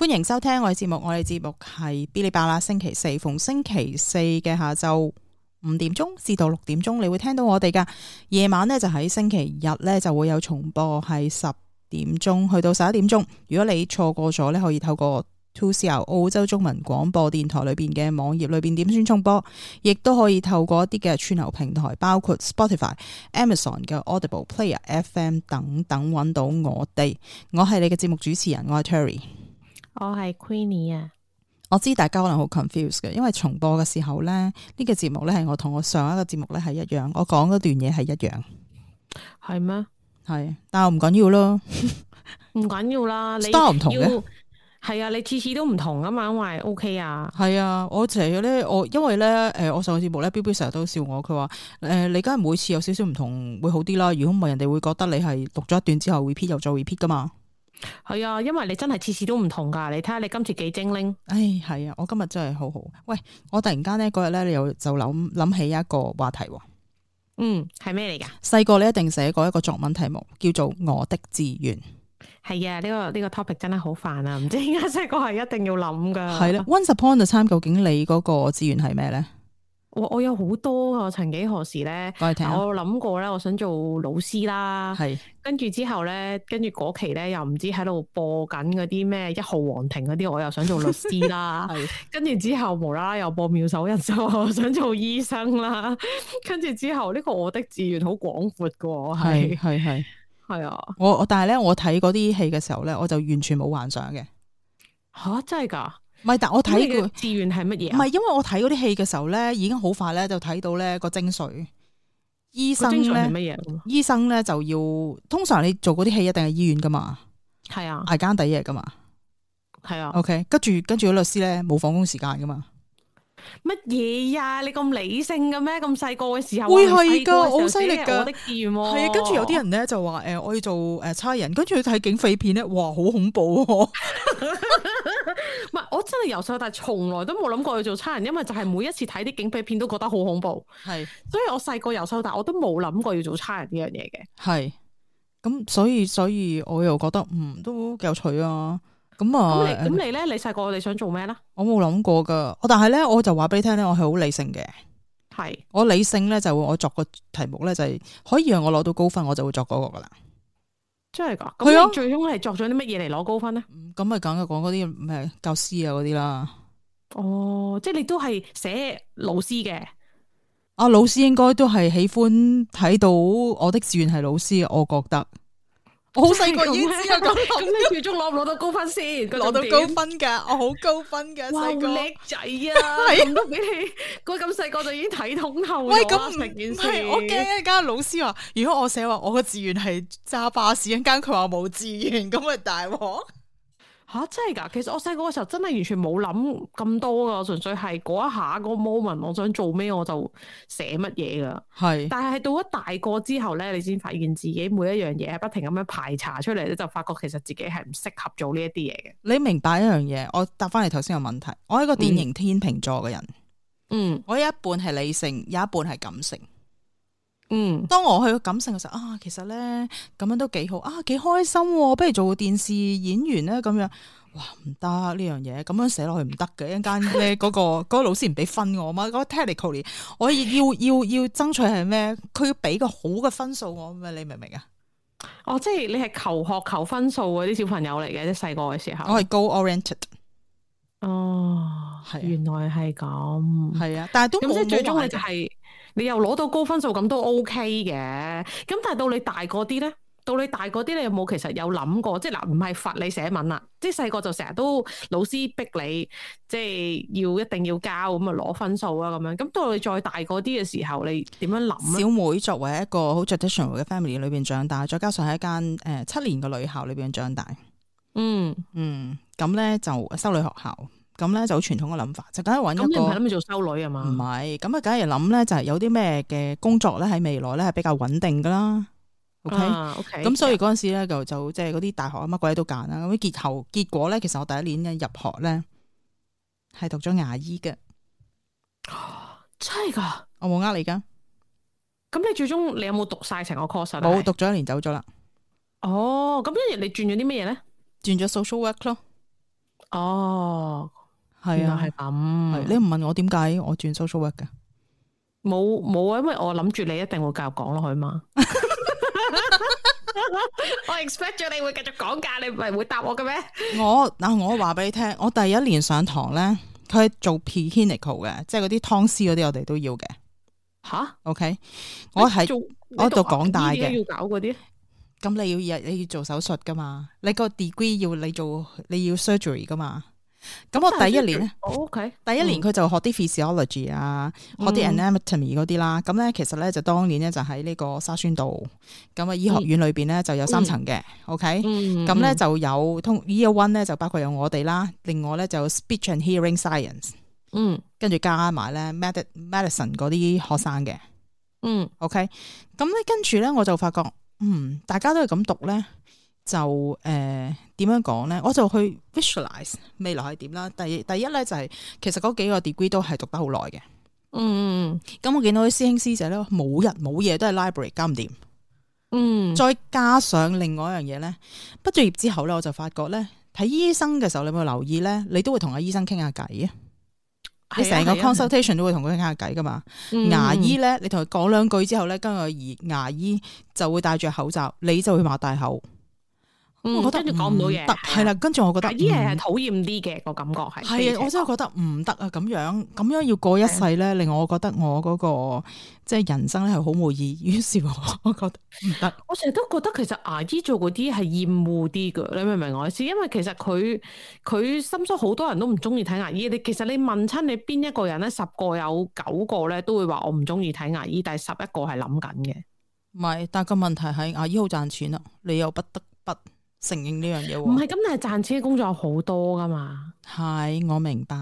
歡迎收聽我哋節目。我哋節目係嗶哩吧啦。星期四逢星期四嘅下晝五點鐘至到六點鐘，你會聽到我哋噶。夜晚咧就喺星期日咧就會有重播，係十點鐘去到十一點鐘。如果你錯過咗咧，可以透過 2CR 澳洲中文廣播電台裏邊嘅網頁裏邊點選重播，亦都可以透過一啲嘅串流平台，包括 Spotify、Amazon 嘅 Audible Player、FM 等等搵到我哋。我係你嘅節目主持人，我係 Terry。我係 Queenie 啊！我知大家可能好 confused 嘅，因為重播嘅時候咧，呢、這個節目咧係我同我上一個節目咧係一樣，我講嗰段嘢係一樣，係咩嗎？係，但係我唔緊要咯，唔 緊要啦。 你都 y 唔同嘅，係啊，你次次都唔同嘛、okay、啊嘛、啊，因為 OK 啊，係啊，我成日咧，我因為咧，誒，我上個節目咧，B B 成日都笑我，佢話誒，你梗係每次有少少唔同會好啲啦，如果唔係，人哋會覺得你係錄咗一段之後 repeat 又再 repeat 噶嘛。係啊，因為你真係次次都唔同噶，你睇下你今次幾精靈。唉，係啊，我今日真係好好。喂，我突然間咧嗰日咧，你又就諗諗起一個話題。嗯，係咩嚟噶？細個你一定寫過一個作文題目，叫做我的志願。係啊，呢、這個呢、這個 topic 真係好煩啊！唔知點解細個係一定要諗噶。係 啦，Once upon a time, 究竟你嗰個志願係咩咧？我有好多個，曾幾何時咧，聽聽我諗過咧，我想做老師啦。係跟住之後咧，跟住嗰期咧又唔知喺度播緊嗰啲咩一號皇庭嗰啲，我又想做律師啦。係跟住之後無啦啦又播妙手仁心，我想做醫生啦。跟 住之後呢個我的志願好廣闊噶，係係係係啊！我但係咧，我睇嗰啲戲嘅時候咧，我就完全冇幻想嘅。吓、啊、真係噶～唔係，但我睇佢志願係乜嘢？唔係，因為我睇嗰啲戲嘅時候咧，已經好快咧就睇到咧個精髓。醫生咧乜嘢？醫生咧就要通常你做嗰啲戲一定係醫院噶嘛？係啊，挨更抵夜日噶嘛？係啊。OK，跟住跟住，律師咧冇放工時間噶嘛？乜嘢呀？你咁理性嘅咩？咁細個嘅時候會係噶，好犀利噶。的我的志願係啊。跟住有啲人咧就話：，誒、呃，我要做誒差人。跟住去睇警匪片咧，哇，好恐怖。 唔係， 我真係由細到大從來都冇諗過要做差人，因為就係每一次睇啲警匪片都覺得好恐怖，係是，所以我細個由細到大我都冇諗過要做差人呢樣嘢嘅。係，咁所以所以我又覺得嗯都有趣啊，咁啊，咁你咧，你細個你想做咩咧？我冇諗過噶，但係咧我就話俾你聽咧，我係好理性嘅，係是，我理性咧就會我作個題目咧就係、是、可以讓我攞到高分，我就會作嗰個噶啦。真係噶，咁最終係作咗啲乜嘢嚟攞高分呢？咁咪梗係講嗰啲咩教師啊嗰啲啦。哦，即係你都係寫老師嘅。啊，老師應該都係喜歡睇到我的志願係老師，我覺得。我好細個已經知道咁，你最終攞唔攞到高分先？攞到高分噶， 我好高分噶，細個哇。叻仔啊！咁多俾你，佢咁細個就已經睇通透咗啦成件事。唔係，我驚啊！咁老師話，如果我寫話我個志願係揸巴士，咁間佢話冇志願，咁咪大鑊。吓、啊、真係噶，其實我細個嘅時候真係完全冇諗咁多噶，純粹係嗰一下嗰 moment，我想做咩我就寫乜嘢噶。係是，但係到咗大個之後咧，你先發現自己每一樣嘢係不停咁樣排查出嚟咧，你就發覺其實自己係唔適合做呢一啲嘢嘅。你明白一樣嘢，我答翻你頭先嘅問題，我係一個典型天秤座嘅人，嗯，我有一半係理性，有一半係感性。嗯，當我去到感性嘅時候啊，其實咧咁樣都幾好啊，幾開心喎！不如做個電視演員咧咁樣，哇，唔得呢樣嘢，咁樣寫落去唔得嘅一陣間咩嗰個嗰 老師唔俾分我嘛？嗰、嗰個 technically 我要要要爭取係咩？佢要俾個好嘅分數我，咪你明唔明啊？哦，即係你係求學求分數嗰啲小朋友嚟嘅，即細個嘅時候，我係 goal oriented。哦，係、啊、原來係咁，係啊，但係都即係最終嘅就係。你又攞到高分數咁都 OK 嘅，咁但係到你大個啲咧，到你大個啲，你有冇其實有諗過？即係嗱，唔係罰你寫文啦，即係細個就成日都老師逼你，即係要一定要交咁啊攞分數啊咁樣。咁到你再大個啲嘅時候，你點樣諗？小妹作為一個好 traditional 嘅 family 裏邊長大，再加上喺一間誒七年嘅女校裏邊長大，嗯嗯，咁咧、嗯、就修女學校。咁咧就好傳統嘅諗法，就梗係揾一個。咁你唔係諗住做修女係嘛？唔係，咁啊梗係諗咧，就係有啲咩嘅工作咧喺未來咧係比較穩定噶啦。OK，OK。咁所以嗰陣時咧就就即係嗰啲大學乜鬼都揀啦。咁結後結果咧，其實我第一年入學咧係讀咗牙醫嘅。真係噶？我冇呃你噶？咁你最終你有冇讀晒成個 course 咧、啊？冇讀咗一年走咗啦。哦，咁一日你轉咗啲咩嘢咧？轉咗 social work 咯。哦。係啊，係咁。嗯啊，你唔問我點解，我轉 social work 嘅。冇冇啊，因為我諗住你一定會繼續講落去嘛。我 expect 咗你會繼續講噶，你唔係會答我嘅咩？我嗱，我話俾你聽，我第一年上堂咧，佢係做 pinnacle 嘅，即係嗰啲湯師嗰啲，我哋都要嘅。吓？OK，我喺我度講大嘅，要搞嗰啲。咁你要要你要做手術噶嘛？你個 degree 要你做你要，要 surgery 噶嘛？咁我第一年咧，O K，第一年佢就學啲 physiology 啊，學啲 anatomy 嗰啲啦。咁咧其實咧就當年咧就喺呢個沙宣道。咁啊醫學院裏邊咧就有三層嘅，O K，咁咧就有通 Year one 咧就包括有我哋啦，另外咧就 speech and hearing science，嗯，跟住加埋咧 med medicine 嗰啲學生嘅，嗯，O K，咁咧跟住咧我就發覺，嗯，大家都係咁讀咧。就誒，點、呃、樣講咧？我就去 visualize 未來係點啦。第第一咧就係、是、其實嗰幾個 degree 都係讀得好耐嘅。嗯，咁我見到啲師兄師姐咧，冇日冇夜，都係 library，搞唔掂。嗯，再加上另外一樣嘢咧，畢咗業之後咧，我就發覺咧，睇醫生嘅時候，你有冇留意咧？你都會同阿醫生傾下偈啊。你成、啊啊、個 consultation 都會同佢傾下偈噶嘛？嗯、牙醫咧，你同佢講兩句之後咧，跟住而牙醫就會戴住口罩，你就去擘大口。嗯、我覺得唔、嗯嗯嗯、得，係啦，跟住我覺得牙醫係討厭啲嘅個感覺係。係啊的，我真係覺得唔得啊！咁樣咁樣要過一世咧，嗯、令我覺得我嗰、那個即係人生咧係好無意義。於是我覺得唔得。 我成日都覺得其實牙醫做嗰啲係厭惡啲嘅，你明唔明我意思？因為其實佢佢心所好多人都唔中意睇牙醫。你其實你問親你邊一個人咧，十個有九個咧都會話我唔中意睇牙醫，但係十一個係諗緊嘅。唔係，但係個問題係牙醫好賺錢啦，你又不得不。承認呢樣嘢喎，唔係咁，但係賺錢嘅工作有好多噶嘛。係，我明白。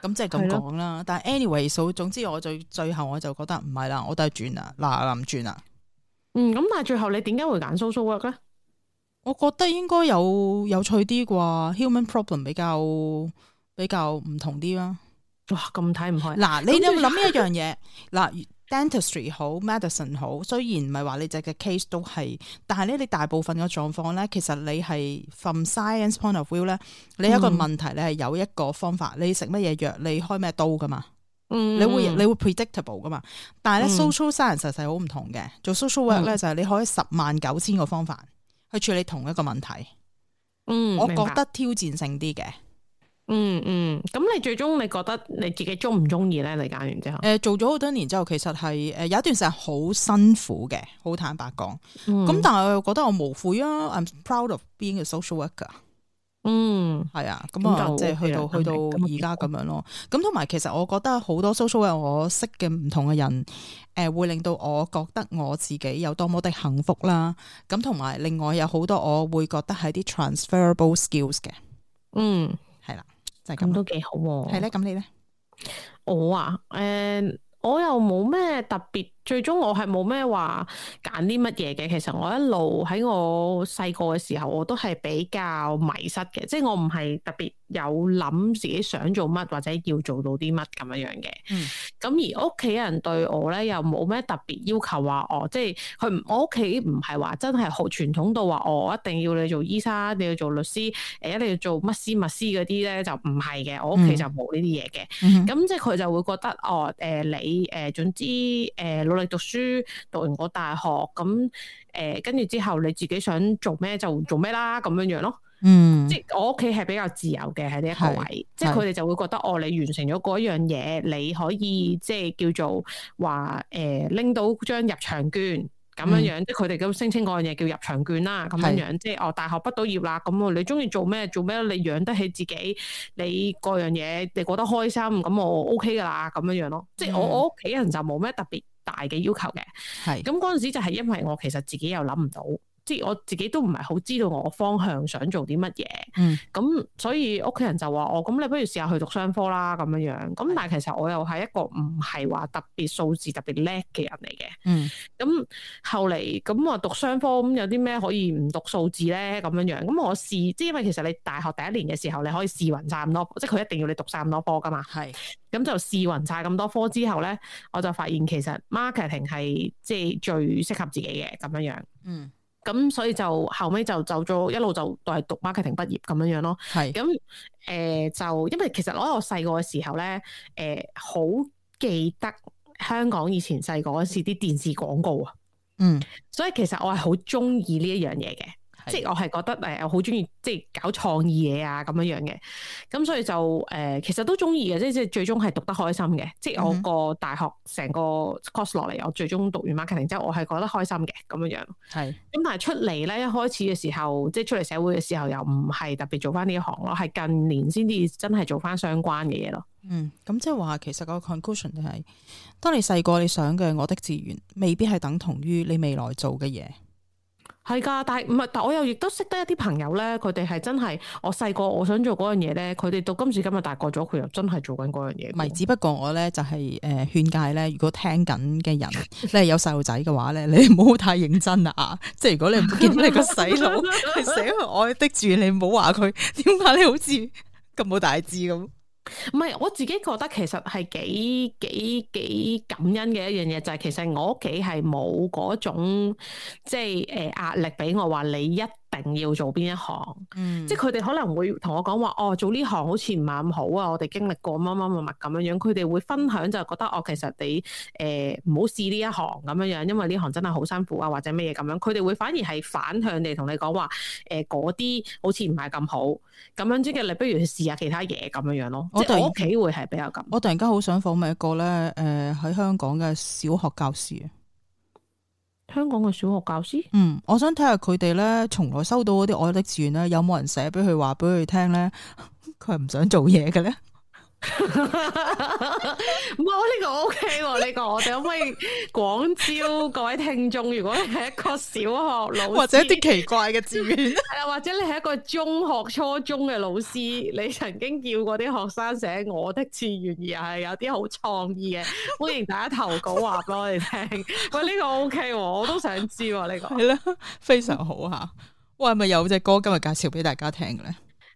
咁即係咁講啦。的但係 anyway，所總之我最最後我就覺得唔係啦，我都係轉啦。嗱，諗轉啦。嗯，咁但係最後你點解會揀 social work 咧？我覺得應該有有趣啲啩，human problem 比較比較唔同啲啦。哇，咁睇唔開。嗱，你有冇諗一樣嘢？嗱。 Dentistry 好，medicine 好，雖然唔係話你隻嘅 case 都係，但係咧你大部分嘅狀況咧，其實你係 from science point of view 咧，你一個問題你係有一個方法，嗯、你食乜嘢藥，你開咩刀噶嘛、嗯你，你會你會 predictable 噶嘛，但係咧、嗯、social science 實在好唔同嘅，做 social work 咧、嗯、就係你可以十萬九千個方法去處理同一個問題，嗯，我覺得挑戰性啲嘅。嗯嗯，咁、嗯、你最終你覺得你自己中唔中意咧？你揀完之後，誒、呃，做咗好多年之後，其實係誒有一段時間好辛苦嘅，好坦白講。咁、嗯、但係我又覺得我無悔啊，I'm proud of being a social worker。嗯，係啊，咁啊，即係去到去到而家咁樣咯。咁同埋其實我覺得好多 social workers 我識嘅唔同嘅人，誒、呃，會令到我覺得我自己有多麼的幸福啦。咁同埋另外有好多我會覺得係啲 transferable skills 嘅，嗯。就咁都幾好喎。係咧、啊，咁你咧？我啊，誒、呃，我又冇咩特別。最終我係冇咩話揀啲乜嘢嘅，其實我一路喺我細個嘅時候，我都係比較迷失嘅，即係我唔係特別有諗自己想做乜或者要做到啲乜咁樣嘅。嗯，咁而屋企人對我咧又冇咩特別要求話我、哦，即係佢我屋企唔係話真係好傳統到話、哦、我一定要你做醫生，你要做律師，誒一定要做乜師密師嗰啲咧就唔係嘅，我屋企就冇呢啲嘢嘅。嗯哼，咁即係佢就會覺得哦，誒、呃、你誒、呃、總之誒。呃努力讀書，讀完個大學咁，誒，跟、呃、住之後你自己想做咩就做咩啦，咁樣樣咯。嗯，即係我屋企係比較自由嘅喺呢一個位，是即係佢哋就會覺得是哦，你完成咗嗰樣嘢，你可以即係叫做話誒拎到張入場券咁樣、嗯、樣，即佢哋咁聲稱嗰樣嘢叫入場券啦，咁樣樣。是即係哦，大學畢到業啦，咁你中意做咩做咩，你養得起自己，你各樣嘢你過得開心，咁我 OK 噶啦，咁樣樣咯。即係我、嗯、即我屋企人就冇咩特別。大嘅要求嘅，係咁嗰陣時就係因為我其實自己又諗唔到。即係我自己都唔係好知道我方向想做啲乜嘢，咁、嗯、所以屋企人就話我咁你不如試下去讀商科啦咁樣樣。咁但係其實我又係一個唔係話特別數字特別叻嘅人嚟嘅，咁、嗯、後嚟咁話讀商科咁有啲咩可以唔讀數字咧，咁樣樣。咁我試，即係因為其實你大學第一年嘅時候你可以試勻晒咁多，即係佢一定要你讀晒咁多科噶嘛。係咁是就試勻晒咁多科之後咧，我就發現其實 marketing 係即係最適合自己嘅咁樣樣。嗯。咁所以就後尾就走咗一路就係讀 marketing 畢業咁樣樣咯。係咁誒，就因為其實攞喺我細個嘅時候咧，誒、呃、好記得香港以前細個嗰時啲電視廣告啊。嗯，所以其實我係好中意呢一樣嘢嘅。即係我係覺得誒，我好中意即係搞創意嘢啊咁樣樣嘅，咁所以就誒、呃，其實都中意嘅，即係即係最終係讀得開心嘅。即係、嗯、哼我個大學成個 course 落嚟，我最終讀完 marketing 之後，我係覺得開心嘅咁樣樣。係咁是，但係出嚟咧，一開始嘅時候，即係出嚟社會嘅時候，又唔係特別做翻呢一行咯，係近年先至真係做翻相關嘅嘢咯。嗯，咁即係話，其實個 conclusion 係、就係，當你細個你想嘅我的志願，未必係等同於你未來做嘅嘢。係噶，但係唔係，但我又亦都識得一啲朋友咧，佢哋係真係我細個我想做嗰樣嘢咧，佢哋到今時今日大個咗，佢又真係做緊嗰樣嘢。咪只不過我咧就係誒勸誡咧，如果聽緊嘅人咧 有細路仔嘅話咧，你唔好太認真喇啊！即係如果你唔見到你個細路，死我逼住你唔好話佢，點解你好似咁冇大志咁？唔係，我自己覺得其實係幾幾幾感恩嘅一樣嘢，就係、是、其實我屋企係冇嗰種即係誒、呃、壓力俾我話你一定要做邊一行？嗯，即係佢哋可能會同我講話，哦，做呢行好似唔係咁好啊！我哋經歷過乜乜乜乜咁樣樣，佢哋會分享就係覺得，哦，其實你誒唔好試呢一行咁樣樣，因為呢行真係好辛苦啊，或者咩嘢咁樣，佢哋會反而係反向地同你講話，誒嗰啲好似唔係咁好，咁樣即係你不如去試下其他嘢咁樣樣咯。我即我屋企會係比較咁。我突然間好想訪問一個咧，誒喺香港嘅小學教師。香港嘅小學教師，嗯，我想睇下佢哋咧，從來收到嗰啲我的志願咧，有冇人寫俾佢話俾佢聽咧？佢係唔想做嘢嘅咧。唔呢、 哦這個 O K 喎，呢、這個我哋可唔可以廣招各位聽眾？如果你係一個小學老師，或者啲奇怪嘅志願，係啦，或者你係一個中學、初中嘅老師， 你曾經叫過啲學生寫我的志願，而係有啲好創意嘅，歡迎大家投稿話俾我哋聽。喂、 哎，呢、這個 O K，、啊、我都想知呢、啊這個係啦，非常好吓、啊。喂，係咪有隻歌今日介紹俾大家聽嘅咧？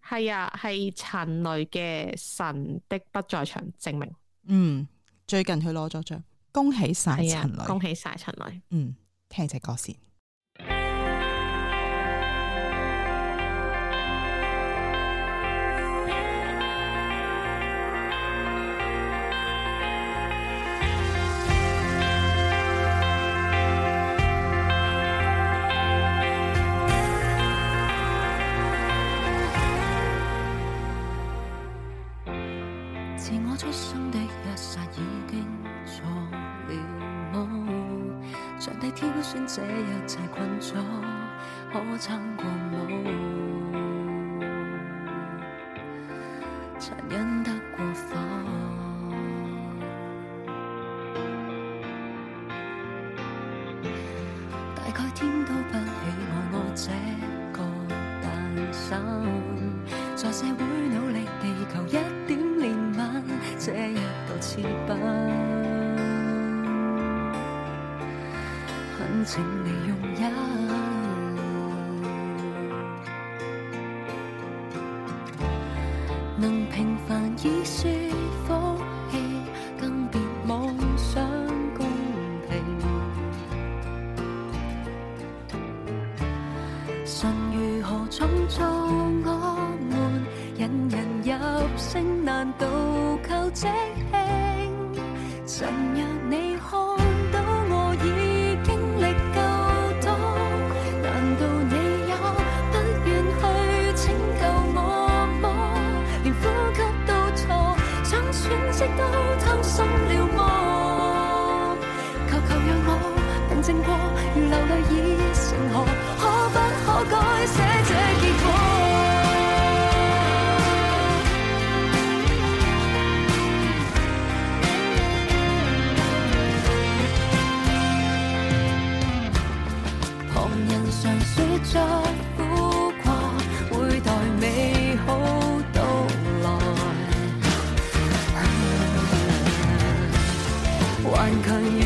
係啊，係陳雷嘅神的不在場證明。嗯，最近佢攞咗獎，恭喜晒陳雷、啊，恭喜晒陳雷。嗯，聽隻歌先。經過，如流淚已成河，可不可改寫這結果？旁人常説着苦話，會待美好到來，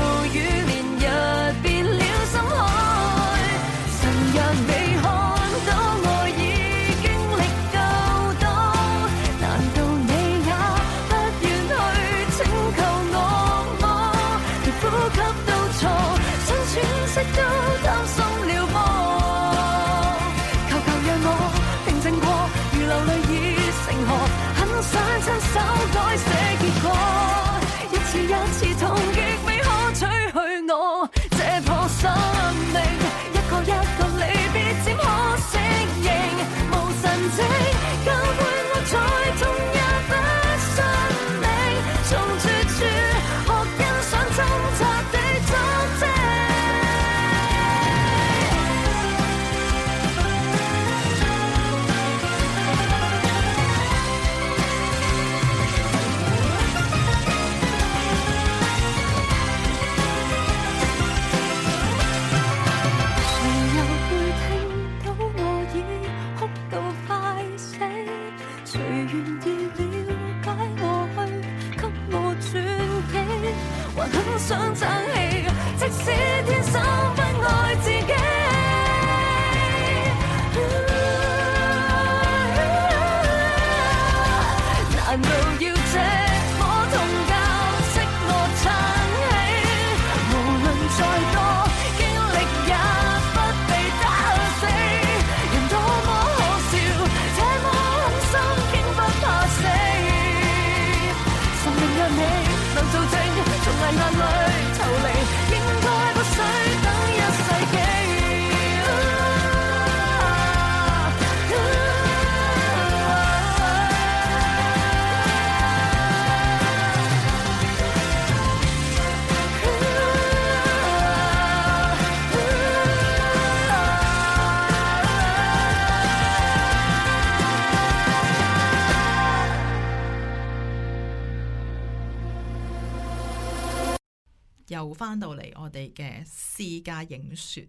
嘅私家影說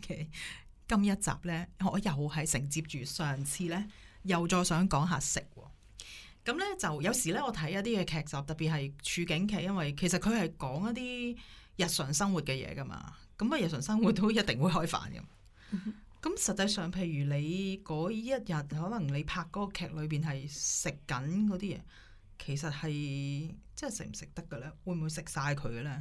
嘅今一集咧，我又係承接住上次咧，又再想講下食咁咧。就有時咧，我睇一啲嘅劇集，特別係處境劇，因為其實佢係講一啲日常生活嘅嘢噶嘛。咁啊，日常生活都一定會開飯嘅。咁實際上，譬如你嗰一日，可能你拍嗰個劇裏邊係食緊嗰啲嘢，其實係即係食唔食得嘅咧？會唔會食晒佢嘅咧？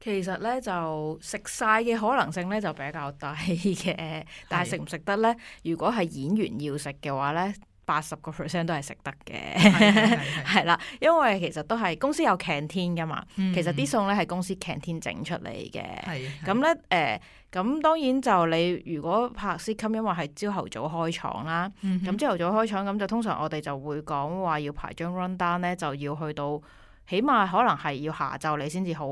其實咧就食晒嘅可能性咧就比較低嘅，但係食唔食得咧？如果係演員要食嘅話咧，八十個 percent 都係食得嘅，係啦。因為其實都係公司有 canteen 噶嘛，嗯、其實啲餸咧係公司 canteen 整出嚟嘅。係咁咧，誒是是、呃，咁當然就你如果拍 sitcom，因為係朝頭早開廠啦，咁朝頭早開廠，咁就通常我哋就會講話要排張 run down 咧，就要去到起碼可能係要下晝你先至好，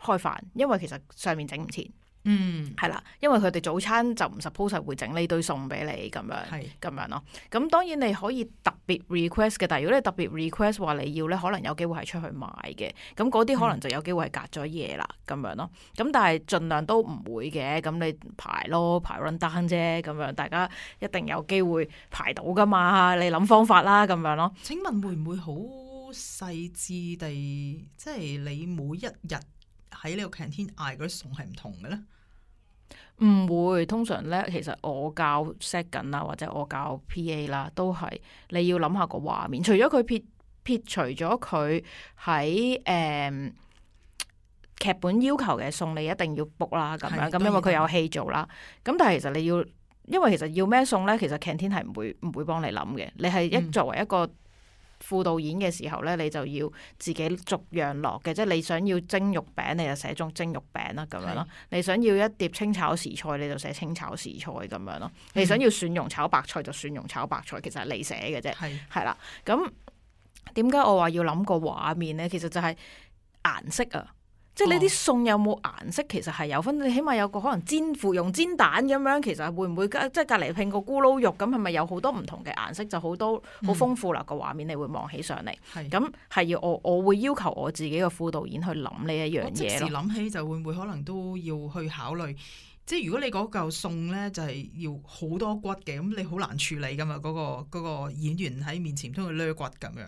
開飯，因為其實上面整唔切，嗯，係啦，因為佢哋早餐就唔 suppose 會整呢堆餸俾你咁樣，係咁是的 樣咯。咁當然你可以特別 request 嘅，但係如果你特別 request 話你要咧，可能有機會係出去買嘅。咁嗰啲可能就有機會係隔咗嘢啦，咁、嗯、樣咯。咁但係盡量都唔會嘅。咁你排咯，排 run down 啫，咁樣大家一定有機會排到噶嘛。你諗方法啦，咁樣咯。請問會唔會好細緻地，即係你每一日？喺呢個 canteen 嗌嗰啲餸係唔同嘅咧？唔會，通常咧，其實我教 second 啦，或者我教 PA 啦，都係你要諗下個畫面。除咗佢撇撇除咗佢喺誒劇本要求嘅餸，你一定要 book 啦，咁樣咁，的樣因為佢有戲做啦。咁、嗯、但係其實你要，因為其實要咩餸咧，其實 canteen 係唔會唔會幫你諗嘅。你係一作為一個。嗯副導演嘅時候咧，你就要自己逐樣落嘅，即係你想要蒸肉餅，你就寫中蒸肉餅啦，咁樣咯。是你想要一碟清炒時菜，你就寫清炒時菜咁樣咯。嗯、你想要蒜蓉炒白菜，就蒜蓉炒白菜。其實係你寫嘅啫，係是啦。咁點解我話要諗個畫面咧？其實就係顏色啊。即係呢啲餸有冇顏色？其實係有分，你起碼有個可能煎芙蓉煎蛋咁樣，其實會唔會隔即係隔離拼個咕嚕肉咁？係咪有好多唔同嘅顏色，就好多好豐富啦、嗯、個畫面，你會望起上嚟。係咁係要我我會要求我自己嘅副導演去諗呢一樣嘢。即時諗起就會唔會可能都要去考慮，即係如果你嗰嚿餸咧就係要好多骨嘅，咁你好難處理噶嘛嗰、嗰個嗰、嗰個演員喺面前都會攣骨咁樣。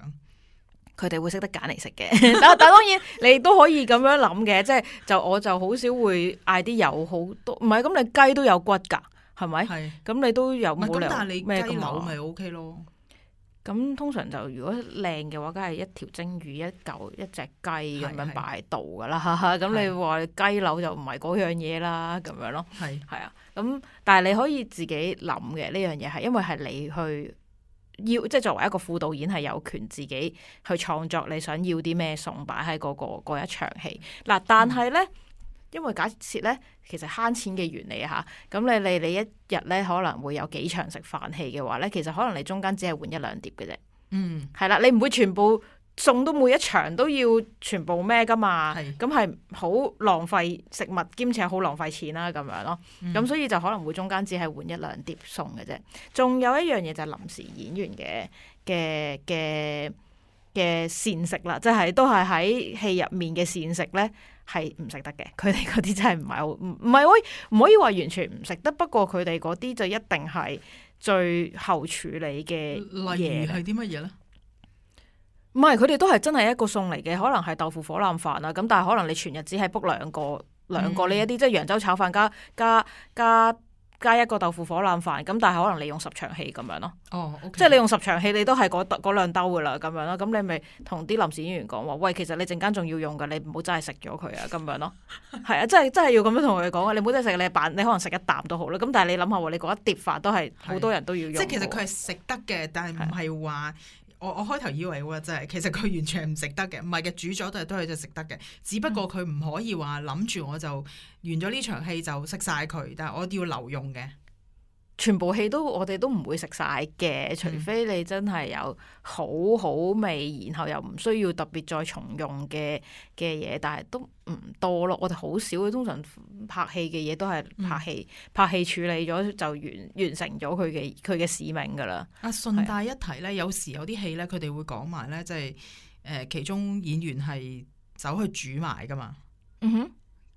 佢哋會識得揀嚟食嘅，但 但當然你都可以咁樣諗嘅， 即係就我就好少會嗌啲有好多，唔係咁你雞都有骨噶，係咪？係咁是你都有冇但 你咩咁好？咪 O K 咯。咁通常就如果靚嘅話，梗係一條蒸魚一嚿一隻雞咁樣擺喺度噶啦。咁是 你話雞柳就唔係嗰樣嘢啦，咁樣咯。係係是是啊，咁但係你可以自己諗嘅呢樣嘢，係因為係你去。要即係作為一個副導演係有權自己去創作你想要啲咩餸擺喺嗰個嗰一場戲嗱、啊，但係咧，因為假設咧，其實慳錢嘅原理吓，咁、啊、你你你一日咧可能會有幾場食飯戲嘅話咧，其實可能你中間只係換一兩碟嘅啫，嗯，係啦，你唔會全部。送到每一場都要全部咩噶嘛，咁係好浪費食物兼且好浪費錢啦，咁樣咯。咁、嗯、所以就可能會中間只係換一兩碟餸嘅啫。仲有一樣嘢就係臨時演員嘅嘅嘅嘅膳食啦，即係都係喺戲入面嘅膳食咧，係唔食得嘅。佢哋嗰啲真係唔係好，唔係可以唔可以話完全唔食得。不過佢哋嗰啲就一定係最後處理嘅嘢。例如係啲乜嘢咧？唔係，佢哋都係真係一個餸嚟嘅，可能係豆腐火腩飯啊。咁但係可能你全日只係 book 兩個、兩、嗯、個呢一啲，即係揚州炒飯加加加加一個豆腐火腩飯。咁但係可能你用十場戲咁樣咯。哦 okay，即係你用十場戲，你都係嗰嗰兩兜噶啦咁樣啦。咁你咪同啲臨時演員講話，喂，其實你陣間仲要用噶，你唔好真係食咗佢啊。咁樣咯，係 啊，真係真係要咁樣同佢哋講你唔好真係食，你扮，你可能食一啖都好啦。咁但係你諗下，你嗰一碟飯都係好多人都要用。即係其實佢係食得嘅，但係唔係話。我我開頭以為喎，真係，其實佢完全係唔食得嘅，唔係嘅，煮咗都係都係食得嘅，只不過佢唔可以話諗住我就完咗呢場戲就食晒佢，但係我一定要留用嘅。全部戲都我哋都唔會食晒嘅，除非你真係有好好味，然後又唔需要特別再重用嘅嘅嘢，但係都唔多咯。我哋好少，通常拍戲嘅嘢都係拍戲、嗯、拍戲處理咗就完完成咗佢嘅佢嘅使命噶啦。啊，順帶一提咧，是有時有啲戲咧，佢哋會講埋咧，即係誒，其中演員係走去煮埋噶嘛。嗯哼。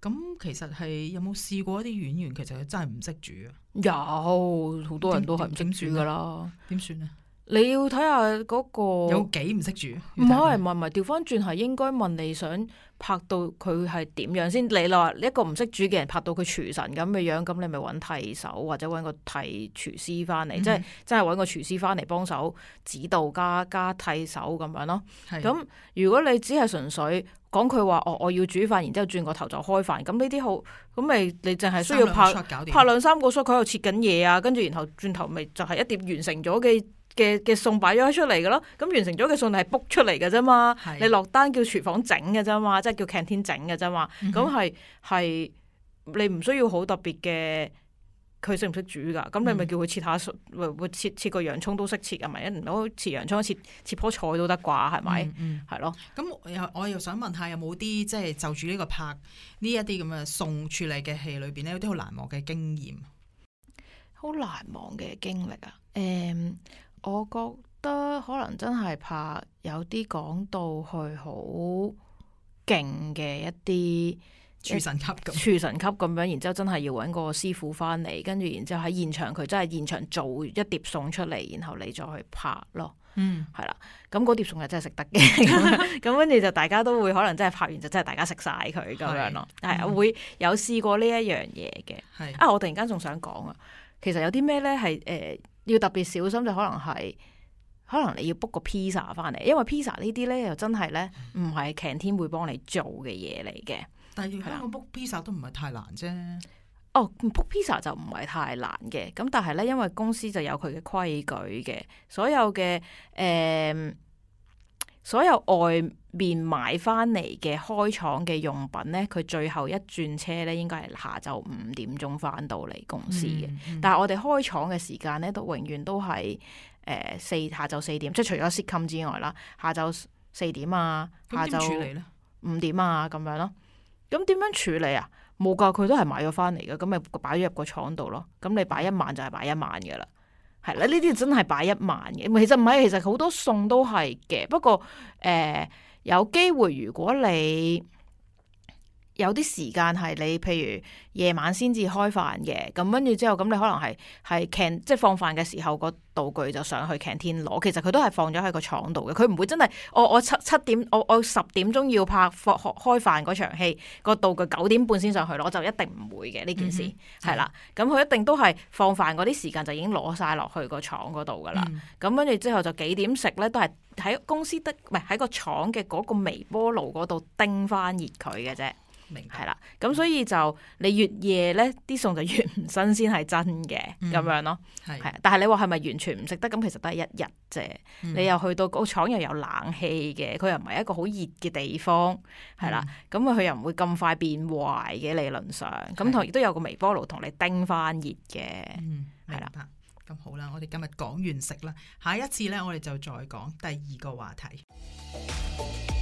咁其實係有冇試過一啲演員其實佢真係唔識煮啊？有好多人都係唔識煮噶啦，點算咧？算你要睇下嗰個有幾唔識煮？唔係唔係唔係，掉返轉係應該問你想拍到佢係點樣先？你話你一個唔識煮嘅人拍到佢廚神咁嘅樣，咁你咪揾替手或者揾個替廚師翻嚟，即係真係揾個廚師翻嚟幫手指導加加替手咁樣咯。咁的如果你只係純粹。講佢話，我、哦、我要煮飯，然之後轉個頭就開飯。咁呢啲好，咁咪你淨係需要拍兩拍兩三個餸，佢又切緊嘢啊，跟住然後轉頭咪就係一碟完成咗嘅嘅嘅餸擺咗出嚟嘅咯。咁、嗯、完成咗嘅餸你係 book 出嚟嘅啫嘛，你落單叫廚房整嘅啫嘛，即係叫 canteen 整嘅啫嘛。咁係係你唔需要好特別嘅。佢識唔識煮㗎？咁你咪叫佢切下餸，咪、嗯、切切個洋葱都識切啊？咪一唔攞切洋葱，切切棵菜都得啩？係咪？係咯。咁、嗯、我又想問下有有、就是就這這，有冇啲即係就住呢個拍呢一啲咁嘅餸處理嘅戲裏邊咧，有啲好難忘嘅經驗？好難忘嘅經歷啊！誒、嗯，我覺得可能真係怕有啲講到去好勁嘅一啲。廚神級咁，廚神級咁樣，然之後真係要搵個師傅翻嚟，跟住然之後喺現場，佢真係現場做一碟餸出嚟，然後你再去拍咯。嗯，係啦，咁嗰碟餸係真係食得嘅。咁跟住就大家都會可能真係拍完就真係大家食晒佢咁樣咯。係，我會有試過呢一樣嘢嘅。係啊，我突然間仲想講啊，其實有啲咩呢？係誒要特別小心就可能係可能你要 book 個 pizza 翻嚟，因為 pizza 呢啲呢，又真係呢，唔係 canteen 會幫你做嘅嘢嚟嘅。但要香港 book pizza 都唔係太難啫。哦，book pizza 就唔係太難嘅。咁但係咧，因為公司就有佢嘅規矩嘅，所有嘅誒、呃，所有外面買翻嚟嘅開廠嘅用品咧，佢最後一轉車咧，應該係下晝五點鐘翻到嚟公司嘅。嗯嗯、但係我哋開廠嘅時間咧，永遠都永遠都係誒四下晝四點，即係除咗 sitcom 之外啦，下晝四點啊，下晝五點啊，咁樣咯。咁點樣處理啊？冇噶，佢都係買咗翻嚟嘅，咁咪擺咗入個廠度咯。咁你擺一萬就係擺一萬嘅啦，係啦。呢啲真係擺一萬嘅，其實唔係，其實好多餸都係嘅。不過誒、呃，有機會如果你。有啲時間係你，譬如夜晚先至開飯嘅，咁跟住之後，咁你可能係係 can 即係放飯嘅時候，個道具就上去 can 天攞。其實佢都係放咗喺個廠度嘅，佢唔會真係我我七七點，我我十點鐘要拍放開飯嗰場戲，個道具九點半先上去攞，就一定唔會嘅，呢件事係啦。咁佢、嗯、哼的一定都係放飯嗰啲時間就已經攞晒落去個廠嗰度噶啦。咁跟住之後就幾點食咧，都係喺公司得，唔係喺個廠嘅嗰個微波爐嗰度叮翻熱佢嘅啫。明係啦，咁所以就你越夜咧，啲餸就越唔新鮮，係真嘅咁樣咯。係的，但係你話係咪完全唔食得？咁其實都係一日啫。嗯、你又去到個廠又有冷氣嘅，佢又唔係一個好熱嘅地方，係啦。咁佢、嗯、又唔會咁快變壞嘅、嗯、理論上。咁的同亦都有個微波爐同你叮翻熱嘅。嗯，明白。咁的好啦，我哋今日講完食啦，下一次咧我哋就再講第二個話題。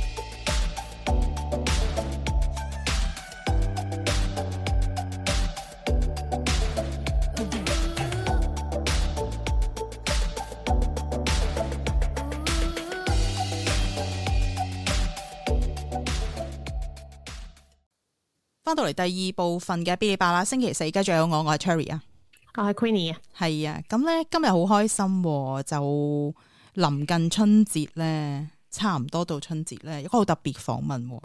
到嚟第二部分嘅《嗶哩吧啦》，星期四而家仲有我，我係 Cherry 啊，我係 Queenie 啊，係啊，咁咧今日好開心，就臨近春節咧，差唔多到春節咧，一個好特別訪問。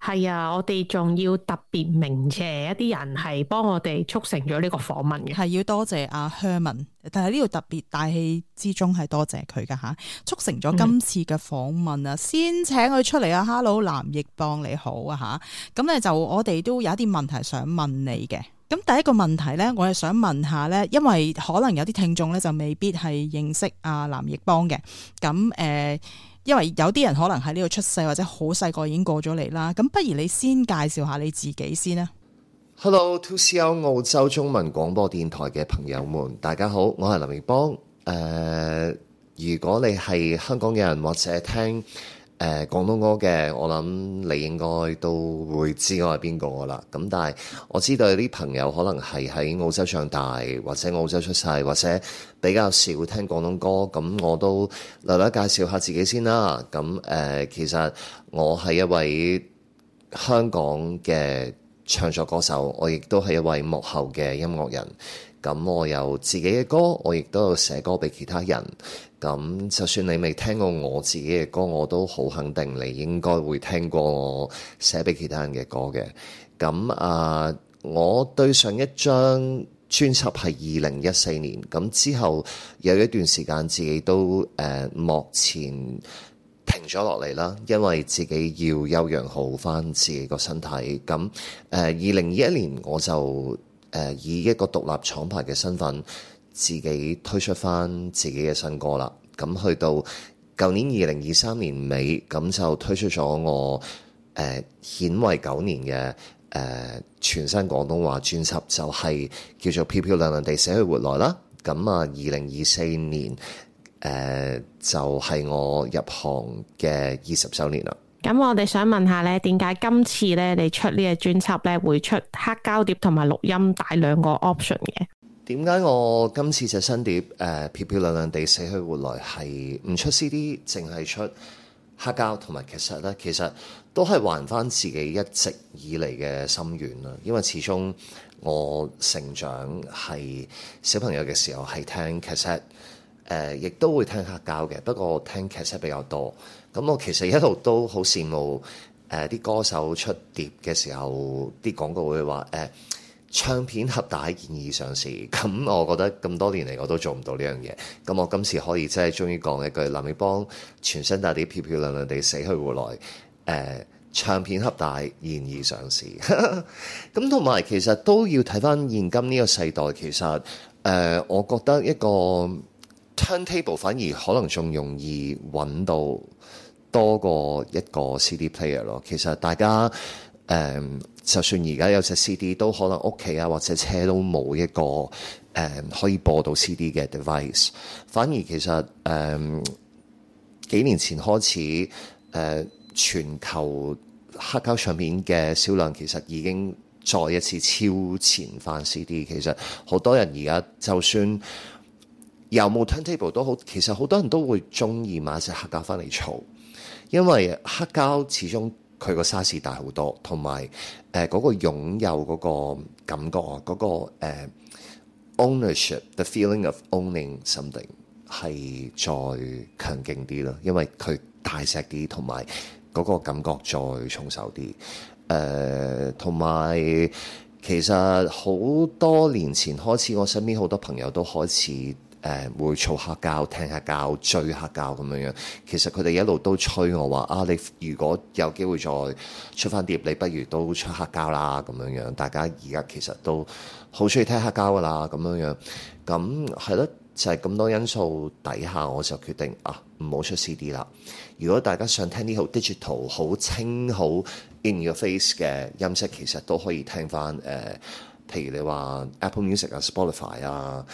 係啊，我哋仲要特別鳴謝一啲人係幫我哋促成咗呢個訪問嘅，係要多謝阿 Herman，但係呢度特別大戲之中係多謝佢噶吓，促成咗今次嘅訪問啊，嗯、先請佢出嚟啊，Hello 藍奕邦你好啊吓，咁咧就我哋都有一啲問題想問你嘅，咁第一個問題咧，我係想問下咧，因為可能有啲聽眾咧就未必係認識阿藍奕邦嘅，咁誒。呃因為有啲人可能喺呢度出世或者好細個已經過咗嚟啦，咁不如你先介紹下你自己先啦。2 Hello to CL 澳洲中文廣播電台嘅朋友們，大家好，我係藍奕邦，呃。如果你係香港嘅人或者聽誒、呃、廣東歌嘅，我諗你應該都會知我係邊個噶啦。咁但係我知道有啲朋友可能係喺澳洲上大，或者澳洲出世，或者比較少聽廣東歌。咁我都略略介紹下自己先啦。咁誒、呃，其實我係一位香港嘅唱作歌手，我亦都係一位幕後嘅音樂人。咁我有自己嘅歌，我亦都有寫歌俾其他人。咁就算你未聽過我自己嘅歌，我都好肯定你應該會聽過我寫俾其他人嘅歌嘅。咁啊、呃，我對上一張專輯係二零一四年。咁之後有一段時間自己都誒、呃、幕前停咗落嚟啦，因為自己要休養好翻自己個身體。咁誒，二零二一年我就以一個獨立廠牌嘅身份，自己推出翻自己嘅新歌啦。咁去到舊年二零二三年尾，咁就推出咗我誒顯為九年嘅誒、呃、全新廣東話專輯，就係、是、叫做漂漂亮亮地死去活來啦。咁啊，二零二四年誒、呃、就係、是、我入行嘅二十週年啦！咁我哋想問下咧，點解今次咧你出個專輯呢個專輯咧會出黑膠碟同埋錄音帶兩個 Option 嘅？點解我今次隻新碟誒、呃，漂漂亮亮地死去活來係唔出 CD，淨係出黑膠同埋劇集咧？其實都係還翻自己一直以嚟嘅心願啦。因為始終我成長係小朋友嘅時候係聽劇集，誒、呃，亦都會聽黑膠嘅，不過聽劇集比較多。咁我其實一路都好羨慕誒啲、呃、歌手出碟嘅時候，啲廣告會話誒、呃、唱片盒帶現已上市。咁我覺得咁多年嚟我都做唔到呢樣嘢。咁我今次可以真係終於講一句，藍奕邦全新大碟漂漂亮亮地死去活來誒、呃，唱片盒帶現已上市。咁同埋其實都要睇返現今呢個世代，其實誒、呃、我覺得一個 turntable 反而可能仲容易揾到。多過一個 CD player 咯。其實大家誒、嗯、就算而家有隻 CD，都可能屋企啊或者車都冇一個誒、嗯、可以播到 CD 嘅 device。反而其實誒、嗯、幾年前開始誒、嗯、全球黑膠唱片嘅銷量其實已經再一次超前翻 CD。其實好多人而家就算有冇 turntable 都好，其實好多人都會中意買隻黑膠翻嚟嘈。因為黑膠始終佢個 size 大好多，同埋誒嗰個擁有嗰個感覺啊，嗰、嗰個、呃、ownership，the feeling of owning something 係再強勁啲咯，因為佢大石啲，同埋嗰個感覺再重手啲。誒、呃，同埋其實好多年前開始，我身邊好多朋友都開始。誒會嘈黑膠，聽黑膠，追黑膠咁樣樣。其實佢哋一路都催我話啊，你如果有機會再出翻碟，你不如都出黑膠啦咁樣樣。大家而家其實都好中意聽黑膠噶啦咁樣樣。咁係咯，就係、是、咁多因素底下，我就決定啊，唔好出 CD 啦。如果大家想聽啲好 digital、好清、好 in your face 嘅音色，其實都可以聽翻誒、呃，譬如你話 Apple Music 啊、Spotify 啊。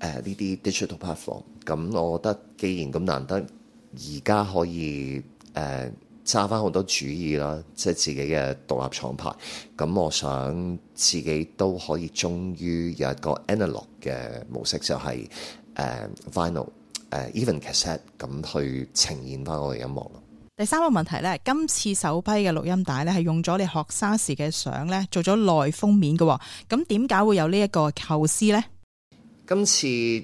誒呢啲 digital platform，咁我覺得既然咁難得而家可以誒揸翻好多主意啦，即係自己嘅獨立廠牌，咁我想自己都可以終於有一個 analog 嘅模式，就係、是、誒、呃、vinyl 誒、呃、even cassette 咁去呈現翻我嘅音樂咯。第三個問題呢，今次首批嘅錄音帶呢，係用咗你學生時嘅相呢，做咗內封面嘅，咁點解會有呢一個構思呢？今次呢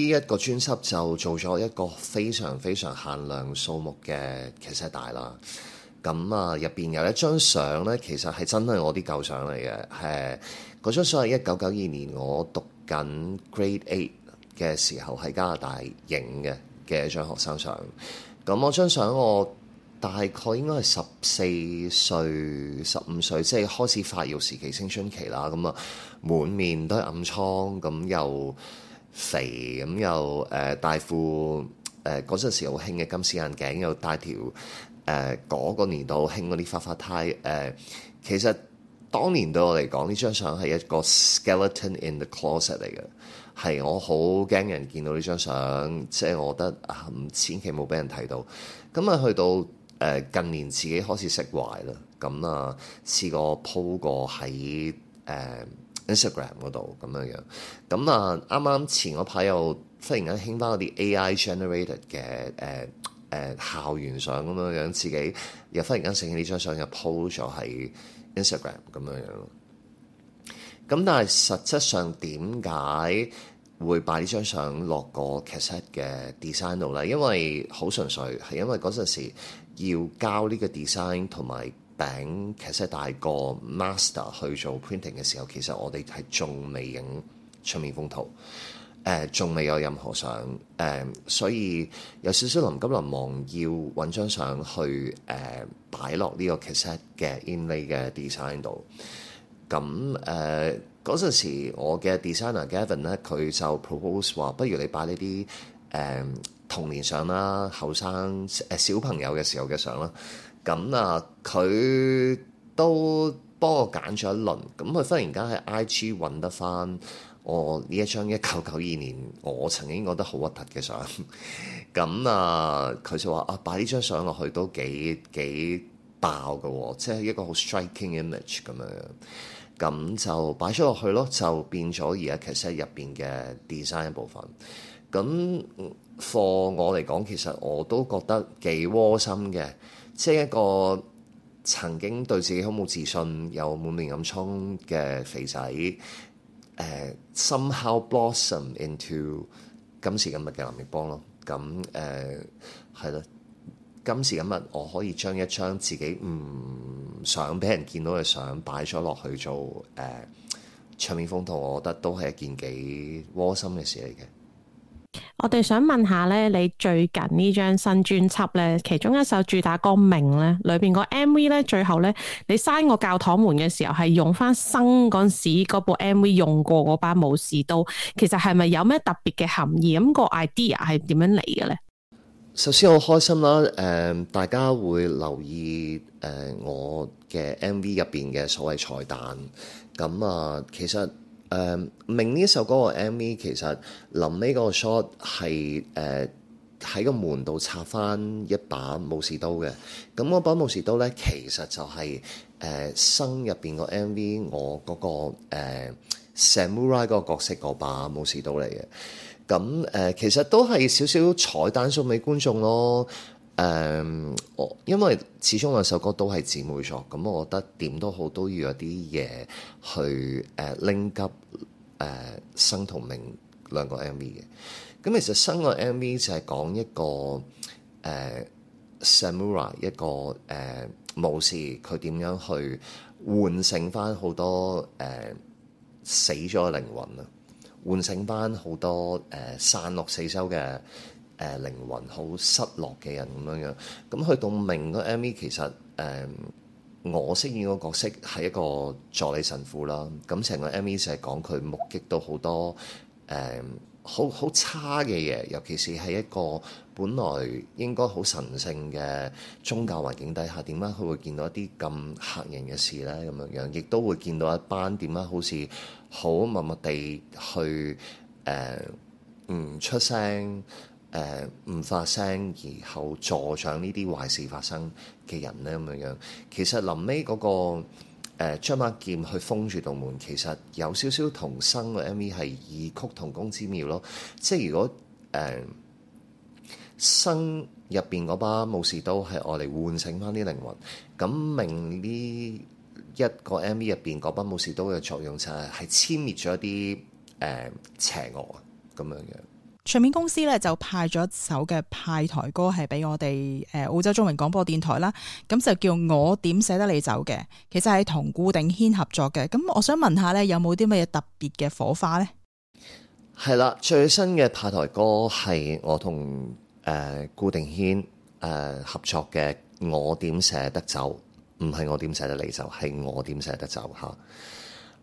一個專輯就做咗一個非常非常限量數目嘅其實大啦，咁啊入邊有一張相呢，其實係真係我啲舊相嚟嘅，誒嗰張相係一九九二年我讀緊 grade eight 嘅時候喺加拿大影嘅嘅一張學生相，咁我張相我大概應該係十四歲、十五歲，即係開始發育時期、青春期啦，咁啊。滿面都係暗瘡，咁又肥，咁又誒戴副誒嗰陣時好興嘅金絲眼鏡，又戴條誒嗰、呃嗰個年代好興嗰啲花花呔。誒、呃。其實當年對我嚟講，呢張相係一個 skeleton in the closet 嚟嘅，係我好驚人見到呢張相，即係我覺得啊，唔、呃、千祈冇俾人睇到。咁、嗯、啊，去到誒、呃、近年自己開始釋懷啦，咁、嗯、啊試過鋪過喺誒。呃 Instagram 嗰度咁樣樣，咁啊啱啱前嗰排又忽然間興翻嗰啲 AI generated 嘅誒誒校園相咁樣樣，自己又忽然間醒起呢張相又 po 咗喺 Instagram 咁樣樣咯。咁但係實質上點解會擺呢張相落個 Cassette 嘅 design 度咧？因為好純粹係因為嗰陣時要交呢個 design 同埋。餅其實大個 master 去做 printing 嘅時候，其實我哋係仲未影出面風圖，誒仲未有任何相，誒、呃、所以有少少臨急臨忙要揾張相去誒、呃、擺落、呃、呢個 cassette 嘅 inlay 嘅 design 度。咁誒嗰陣時，我嘅 designer Gavin 咧，佢就 propose 話：不如你擺呢啲誒童年相啦，後生誒小朋友嘅時候嘅相啦。咁啊！佢都幫我揀咗一輪。咁佢忽然間喺 IG 揾得返我呢一張一九九二年我曾經覺得好核突嘅相。咁啊，佢就話啊，擺呢張相落去都幾幾爆㗎喎，即係一個好 striking image 咁樣。咁就擺咗落去咯，就變咗而家 cassette 入邊嘅 design 部分。咁 for 我嚟講，其實我都覺得幾窩心嘅。即係一個曾經對自己好冇自信，又滿面暗瘡嘅肥仔，誒、呃、somehow blossom into 今時今日嘅藍奕邦咯。咁誒係啦，今時今日我可以將一張自己唔想俾人見到嘅相擺咗落去做誒唱、呃、片封套，我覺得都係一件幾窩心嘅事嚟嘅。我哋想問下咧，你最近呢張新專輯咧，其中一首主打歌《命》咧，裏邊個 M V 咧，最後咧你閂個教堂門嘅時候，係用翻生嗰陣時嗰部 M V 用過嗰把武士刀，其實係咪有咩特別嘅含義？咁個 idea 係點樣嚟嘅咧？首先好開心啦，誒，大家會留意誒我嘅 M V 入邊嘅所謂彩蛋，咁啊，其實。誒明呢首歌個 MV 其實臨尾個 shot 係誒喺個門度插翻一把武士刀嘅，咁嗰把武士刀咧其實就係、是、誒、呃、生入邊、那個 MV 我、呃、嗰個 samurai 嗰個角色嗰把武士刀嚟嘅，咁誒、呃、其實都係少少彩蛋送俾觀眾咯。誒，我、um, 哦、因為始終兩首歌都係姊妹作，咁、嗯、我覺得點都好都要有啲嘢去誒拎急誒生同命兩個 MV 嘅。咁、嗯、其實生個 MV 就係講一個誒、啊、Samura 一個誒、啊、武士，佢點樣去喚醒翻好多誒、啊、死咗嘅靈魂啊，喚醒翻好多誒散落四周嘅。誒、呃、靈魂好失落嘅人咁樣樣，咁、嗯、去到明個 M V 其實誒、嗯，我飾演個角色係一個助理神父啦。咁、嗯、成個 M V 就係講佢目擊到好多誒好好差嘅嘢，尤其是係一個本來應該好神聖嘅宗教環境底下，點解佢會見到一啲咁嚇人嘅事咧？咁樣樣亦都會見到一班點解好似好默默地去誒唔、嗯、出聲。誒唔、呃、發聲，然後助長呢啲壞事發生嘅人咧，咁樣樣。其實臨尾嗰個誒、呃、張馬劍去封住道門，其實有少少，少同生嘅 M V 係異曲同工之妙咯。即係如果誒、呃、生入邊嗰把武士刀係我嚟喚醒翻啲靈魂，咁明」呢一個 M V 入邊嗰把武士刀嘅作用就係係殲滅咗一啲誒、呃、邪惡啊，咁樣樣。唱片公司咧就派咗一首嘅派台歌係俾我哋誒澳洲中文廣播電台啦，咁就叫我點捨得你走嘅,其實係同顧定軒合作嘅。咁我想問下咧，有冇啲乜嘢特別嘅火花呢？係啦，最新嘅派台歌係我同誒顧定軒誒合作嘅，我點捨得走。唔係我點捨得你走，係我點捨得走吓。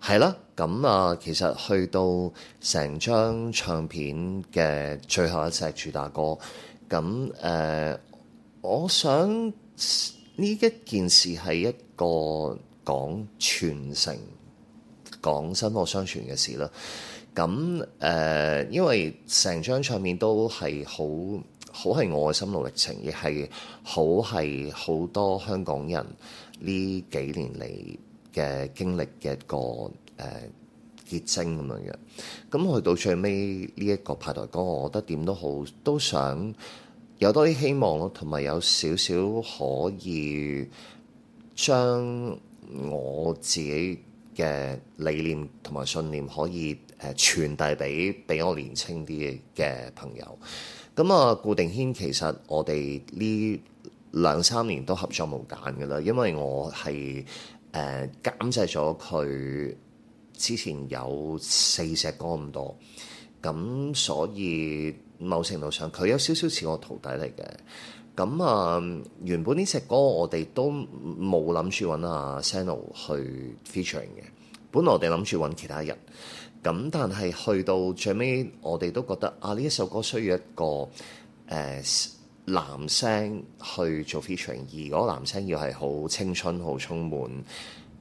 係啦，咁啊，其實去到成張唱片嘅最後一隻主打歌，咁誒、呃，我想呢一件事係一個講傳承、講薪火相傳嘅事啦。咁誒、呃，因為成張唱片都係好好係我嘅心路歷程，亦係好係好多香港人呢幾年嚟嘅經歷嘅一個誒、uh, 結晶咁樣嘅，咁去到最尾呢一個派台歌，我覺得點都好都想有多啲希望咯，同埋有少少可以將我自己嘅理念同埋信念可以誒傳遞俾俾我年輕啲嘅朋友。咁啊，顧定軒其實我哋呢兩三年都合作無間噶啦，因為我係，誒監製咗佢之前有四隻歌咁多，咁所以某程度上佢有少少似我徒弟嚟嘅。咁啊，uh, 原本呢隻歌我哋都冇諗住揾阿 Sano 去 featuring 嘅，本來我哋諗住揾其他人，咁但係去到最尾我哋都覺得啊，呢一首歌需要一個誒。Uh, 男聲去做 featuring 而嗰男聲要係好青春、好充滿誒、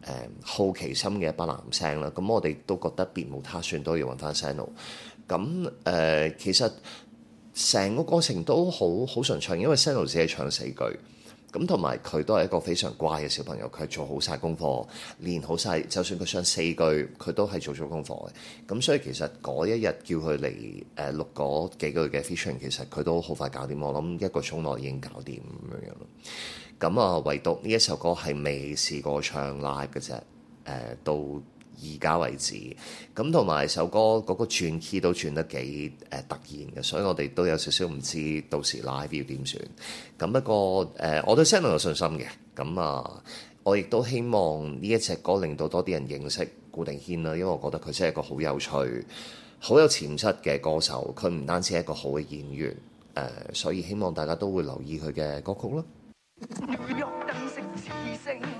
呃、好奇心嘅一班男聲啦，咁、嗯、我哋都覺得別無他選，都要揾翻 Seno。咁、嗯、誒、呃，其實成個過程都好好順暢，因為 Seno 只係唱四句。咁同埋佢都係一個非常乖嘅小朋友，佢係做好晒功課，練好晒，就算佢上四句，佢都係做咗功課嘅。咁所以其實嗰一日叫佢嚟誒錄嗰幾句嘅 feature，其實佢都好快搞掂。我諗一個鐘內已經搞掂，咁樣樣咯。咁啊，唯獨呢一首歌係未試過唱 live 嘅啫，誒、呃、都。而家為止，咁同埋首歌嗰個轉 key 都轉得幾誒突然嘅，所以我哋都有少少唔知到時 live 要點算。咁不過誒、呃，我對 Senna 有信心嘅，咁、嗯、啊，我亦都希望呢一隻歌令到多啲人認識顧定軒啦，因為我覺得佢真係一個好有趣、好有潛質嘅歌手。佢唔單止係一個好嘅演員，誒、呃，所以希望大家都會留意佢嘅歌曲啦。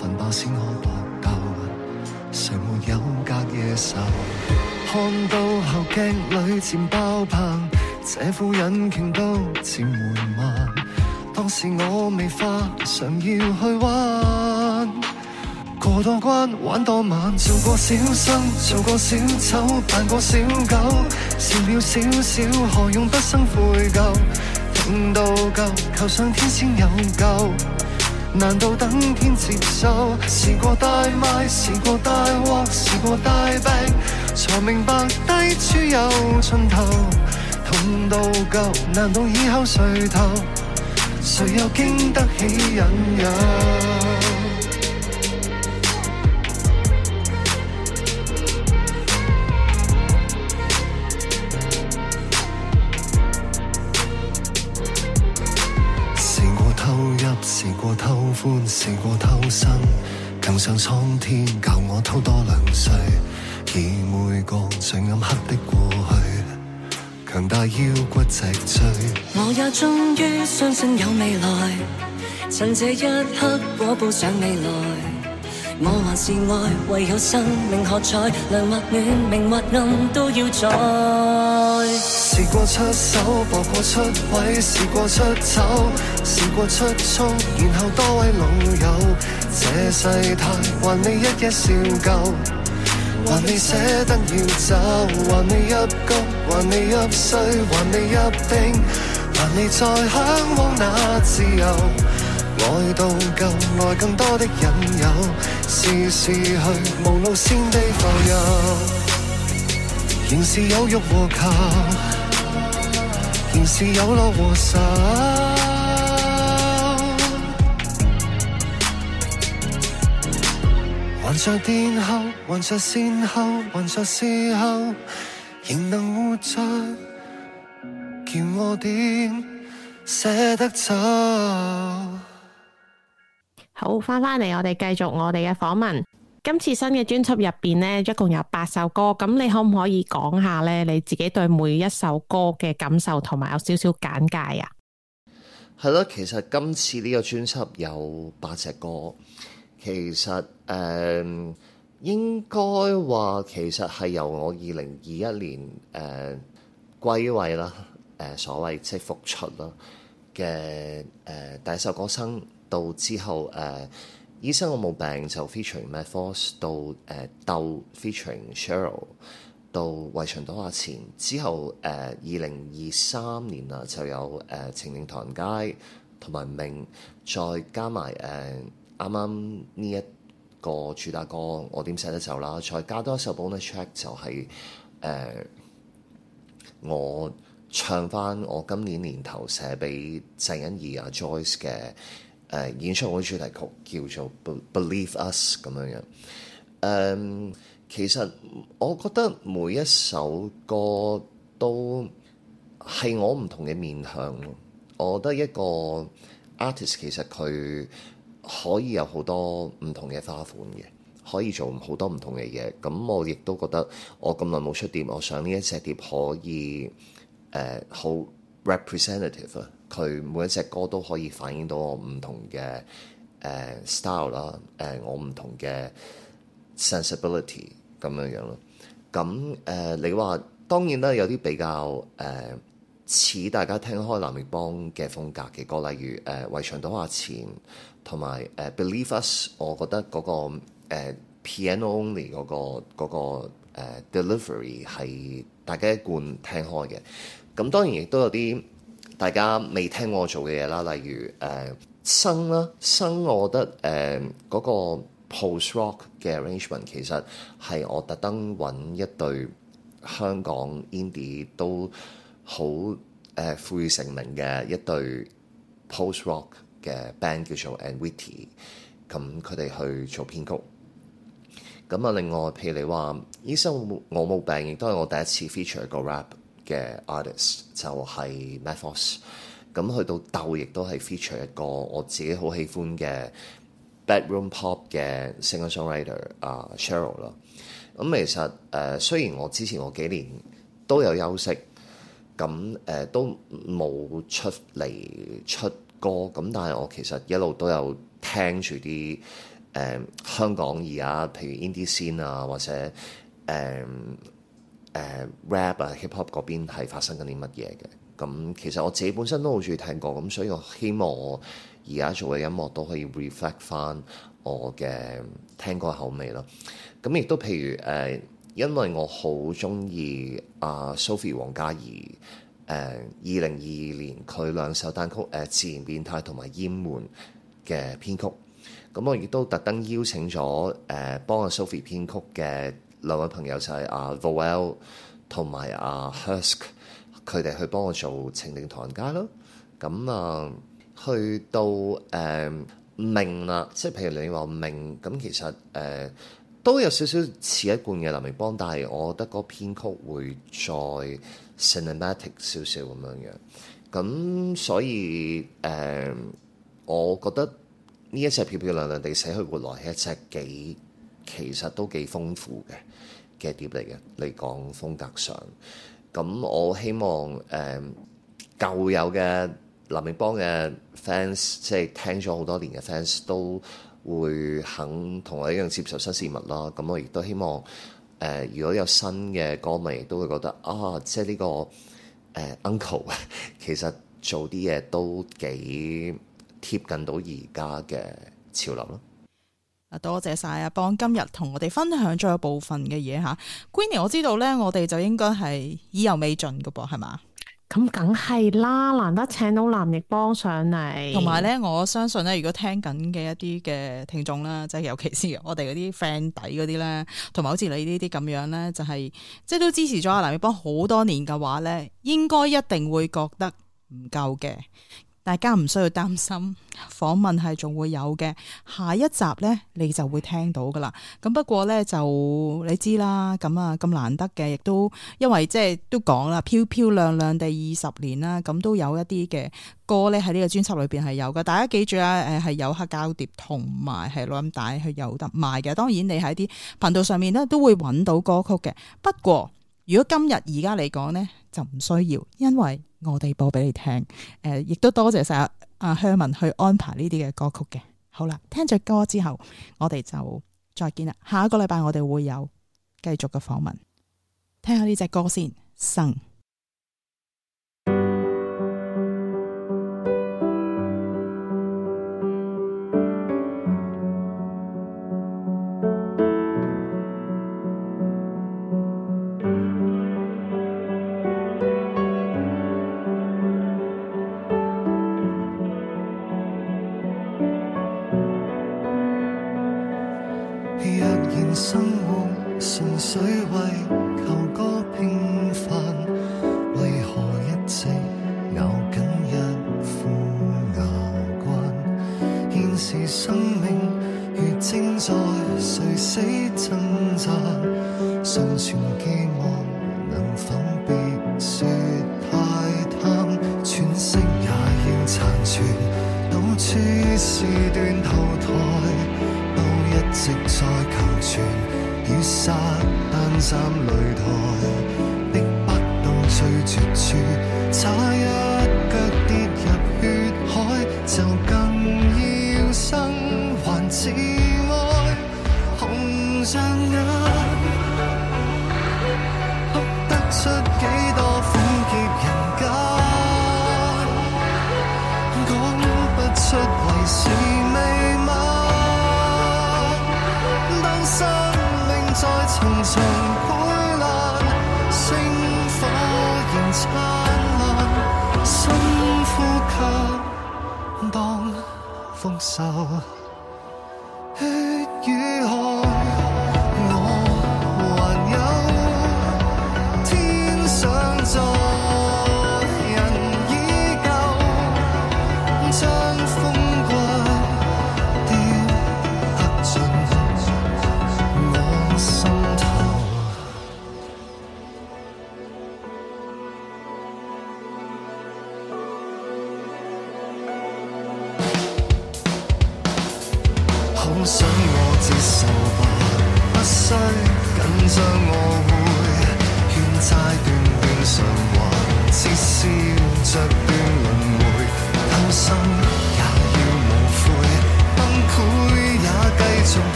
瞓飽先可搏鬥，誰沒有隔夜愁？看到後鏡裡漸爆棚，這副引擎都漸緩慢。當時我未發，常要去玩。過多關，玩多晚，做過小生，做過小丑，扮過小狗，善了少少。何用不生悔疚？拼到夠，求上天先有救。難道等天接受？試過大賣，試過大禍，試過大病，才明白低處有盡頭。痛到夠，難道以後誰投？誰又經得起引誘？歡笑過偷生，更上蒼天教我偷多兩歲，而每個最暗黑的過去，強大腰骨脊椎。我也終於相信，信有未來，趁這一刻我步上未來。我還是愛，唯有生命喝彩，亮或暖，明或暗，都要在。試過出手，搏過出位，試過出走，試過出衝，然後多位老友。這世態還未一一笑夠，還未捨得要走，還未入局，還未入睡，還未入定，還未再向往那自由。愛到夠，愛更多的引誘，是試去無路線地浮游，仍是有欲和求，仍是有樂和愁，還在殿後，還在線後，還在伺候，仍能活著，叫我點捨得走？好，翻返嚟，我哋繼續我哋嘅訪問。今次新嘅專輯入邊呢，一共有八首歌。咁你可唔可以講下呢？你自己對每一首歌嘅感受，同埋有少少簡介啊？係咯，其實今次呢個專輯有八隻歌。其實誒、嗯，應該話其實係由我二零二一年誒歸、嗯、位啦，誒所謂即係復出啦嘅誒第一首歌生。到之後，誒、啊、醫生我冇病就 featuring 咩 force 到誒鬥 featuring Cheryl 到維場到下到前之後，誒二零二三年啊就有誒、啊、情定唐人街同埋明再加埋誒啱啱呢一個主打歌我點寫得就啦，再加多一首 bonus track 就係、是、誒、啊、我唱翻我今年年頭寫俾鄭欣宜阿、啊、Joyce 嘅。Uh, 演唱我嘅主題曲叫做《Believe Us》咁樣樣。其實我覺得每一首歌都係我唔同嘅面向咯。我覺得一個 artist 其實佢可以有好多唔同嘅花款嘅，可以做好多唔同嘅嘢。咁我亦都覺得我咁耐冇出碟，我想呢一隻碟可以好、uh, representative 佢每一隻歌都可以反映到我唔同嘅誒、uh, style 啦、uh,，誒我唔同嘅 sensibility 咁樣樣咯。咁、uh, 誒，你話當然啦，有啲比較誒、uh, 似大家聽開藍奕邦嘅風格嘅歌，例如誒《為、uh, 長島下錢》同埋誒《uh, Believe Us》，我覺得嗰、那個、uh, piano only 嗰、那個嗰、那個 uh, delivery 係大家一貫聽開嘅。咁當然亦都有啲。大家未聽我做嘅嘢啦，例如誒、啊、生啦、啊，生我覺得誒嗰、啊那個 post rock 嘅 arrangement 其實係我特登揾一對香港 indie 都好誒富裕成名嘅一對 post rock 嘅 band 叫做 a n d w i t y 咁佢哋去做編曲。咁啊，另外譬如你話醫生我冇病，亦都係我第一次 feature 個 rap。嘅 artist 就係 Madhouse，咁去到鬥亦都係 feature 一個我自己好喜歡嘅 bedroom pop 嘅 singer songwriter 啊 Cheryl 啦，咁其實誒雖然我之前我幾年都有休息，咁誒都冇出嚟出歌，咁但係我其實一路都有聽住啲誒香港兒啊，譬如 Indie Scene 啊，或者誒。誒、uh, rap 啊 hip hop 嗰邊係發生緊啲乜嘢嘅？咁其實我自己本身都好中意聽歌，咁所以我希望我而家做嘅音樂都可以 reflect 翻我嘅聽歌口味咯。咁亦都譬如誒，uh, 因為我好中意阿 Sophie 黃嘉怡誒二零二二年佢兩首單曲誒、uh, 自然變態同埋《煙雲》嘅編曲。咁我亦都特登邀請咗誒幫阿 Sophie 編曲嘅。兩位朋友就係、是、阿 Voel 同埋阿 Hersk，佢哋去幫我做情定唐人街咯。咁、嗯、啊，去到誒命啦，即係譬如你話命咁，其實誒、嗯、都有少少似一貫嘅藍奕邦，但係我覺得個編曲會再 cinematic 少少咁樣樣。咁、嗯、所以誒、嗯，我覺得呢一隻漂漂亮亮地死去活來，係一隻幾其實都幾豐富嘅。嘅碟嚟嘅，嚟講風格上，咁我希望誒、嗯、舊有嘅藍奕邦嘅 fans，即係聽咗好多年嘅 fans 都會肯同我一樣接受新事物啦。咁我亦都希望誒、呃，如果有新嘅歌迷都會覺得啊，即係呢、這個誒、呃、uncle 其實做啲嘢都幾貼近到而家嘅潮流咯。啊，多謝晒阿邦，今日同我哋分享咗部分嘅嘢吓 g e n i e 我知道咧，我哋就應該係意猶未盡噶噃，係嘛？咁梗係啦，難得請到林亦幫上嚟，同埋咧，我相信咧，如果聽緊嘅一啲嘅聽眾啦，即係尤其是我哋嗰啲 friend 底嗰啲咧，同埋好似你呢啲咁樣咧，就係、是、即係都支持咗阿林亦幫好多年嘅話咧，應該一定會覺得唔夠嘅。大家唔需要擔心，訪問係仲會有嘅，下一集咧你就會聽到噶啦。咁不過咧就你知啦，咁啊咁難得嘅，亦都因為即係都講啦，漂漂亮亮地二十年啦，咁都有一啲嘅歌咧喺呢個專輯裏邊係有嘅。大家記住啊，誒係有黑膠碟同埋係錄音帶去有得賣嘅。當然你喺啲頻道上面咧都會揾到歌曲嘅。不過如果今日而家嚟講咧。就唔需要，因為我哋播俾你聽，誒，亦都多謝晒阿香文去安排呢啲嘅歌曲嘅。好啦，聽着歌之後，我哋就再見啦。下一個禮拜我哋會有繼續嘅訪問，聽下呢隻歌先。生哭、啊、得出幾多苦澀人間，講不出遺事未泯。當生命在層層潰爛，星火仍燦爛，深呼吸，當風沙。